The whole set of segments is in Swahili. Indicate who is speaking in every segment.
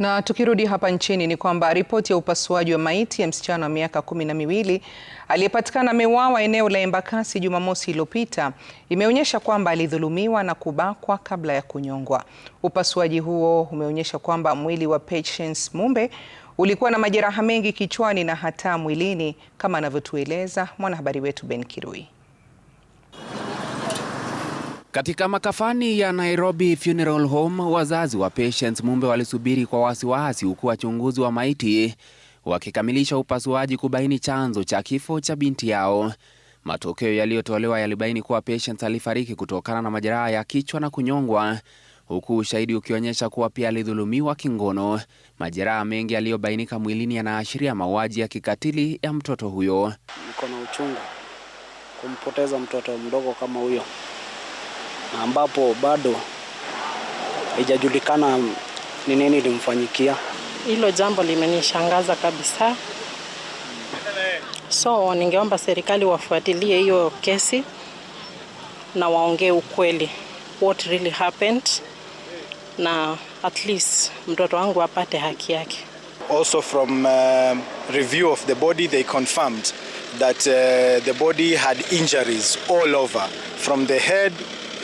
Speaker 1: Na tukirudi hapa nchini ni kwamba ripoti ya upasuaji wa maiti ya msichana wa miaka kumi na miwili aliyepatikana amewawa eneo la Embakasi Jumamosi iliyopita imeonyesha kwamba alidhulumiwa na kubakwa kabla ya kunyongwa. Upasuaji huo umeonyesha kwamba mwili wa Patience Mumbe ulikuwa na majeraha mengi kichwani na hata mwilini kama anavyotueleza mwanahabari wetu Ben Kirui.
Speaker 2: Katika makafani ya Nairobi Funeral Home, wazazi wa patients Mumbe walisubiri kwa wasiwasi huku wachunguzi wa maiti wakikamilisha upasuaji kubaini chanzo cha kifo cha binti yao. Matokeo yaliyotolewa yalibaini kuwa patients alifariki kutokana na majeraha ya kichwa na kunyongwa, huku ushahidi ukionyesha kuwa pia alidhulumiwa kingono. Majeraha mengi yaliyobainika mwilini yanaashiria mauaji ya kikatili ya mtoto huyo.
Speaker 3: Niko na uchungu kumpoteza mtoto mdogo kama huyo ambapo bado haijajulikana ni nini ilimfanyikia.
Speaker 4: Hilo jambo limenishangaza kabisa, so ningeomba serikali wafuatilie hiyo kesi na waongee ukweli, what really happened, na at least mtoto wangu apate haki yake.
Speaker 5: Also from uh, review of the body they confirmed that uh, the body had injuries all over from the head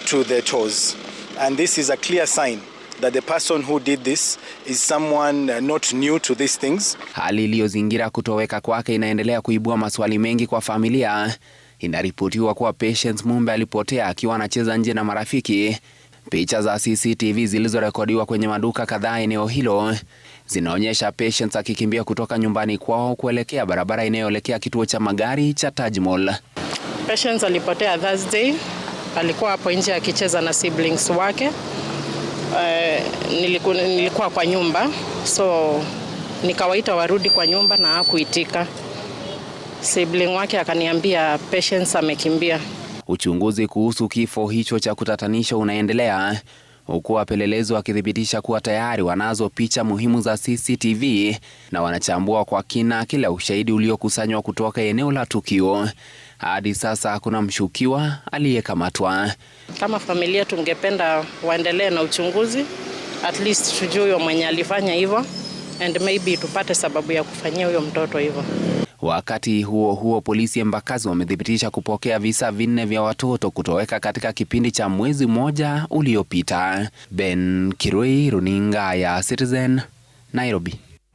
Speaker 5: to the chores. And this is a clear sign that the person who did this is someone uh, not new to these things.
Speaker 2: Hali iliyozingira kutoweka kwake inaendelea kuibua maswali mengi kwa familia. Inaripotiwa kuwa Patience Mumbe alipotea akiwa anacheza nje na marafiki. Picha za CCTV zilizorekodiwa kwenye maduka kadhaa eneo hilo zinaonyesha Patience akikimbia kutoka nyumbani kwao kuelekea barabara inayoelekea kituo cha magari cha Taj Mall.
Speaker 4: Patience alipotea Thursday alikuwa hapo nje akicheza na siblings wake. Uh, niliku, nilikuwa kwa nyumba so nikawaita warudi kwa nyumba na hakuitika. Sibling wake akaniambia Patience amekimbia.
Speaker 2: Uchunguzi kuhusu kifo hicho cha kutatanisha unaendelea huku wapelelezi wakithibitisha kuwa tayari wanazo picha muhimu za CCTV na wanachambua kwa kina kila ushahidi uliokusanywa kutoka eneo la tukio. Hadi sasa hakuna mshukiwa aliyekamatwa.
Speaker 4: Kama familia, tungependa waendelee na uchunguzi, at least tujue huyo mwenye alifanya hivyo and maybe tupate sababu ya kufanyia huyo mtoto hivyo.
Speaker 2: Wakati huo huo, polisi Embakasi wamethibitisha kupokea visa vinne vya watoto kutoweka katika kipindi cha mwezi mmoja uliopita. Ben Kirui, runinga ya Citizen, Nairobi.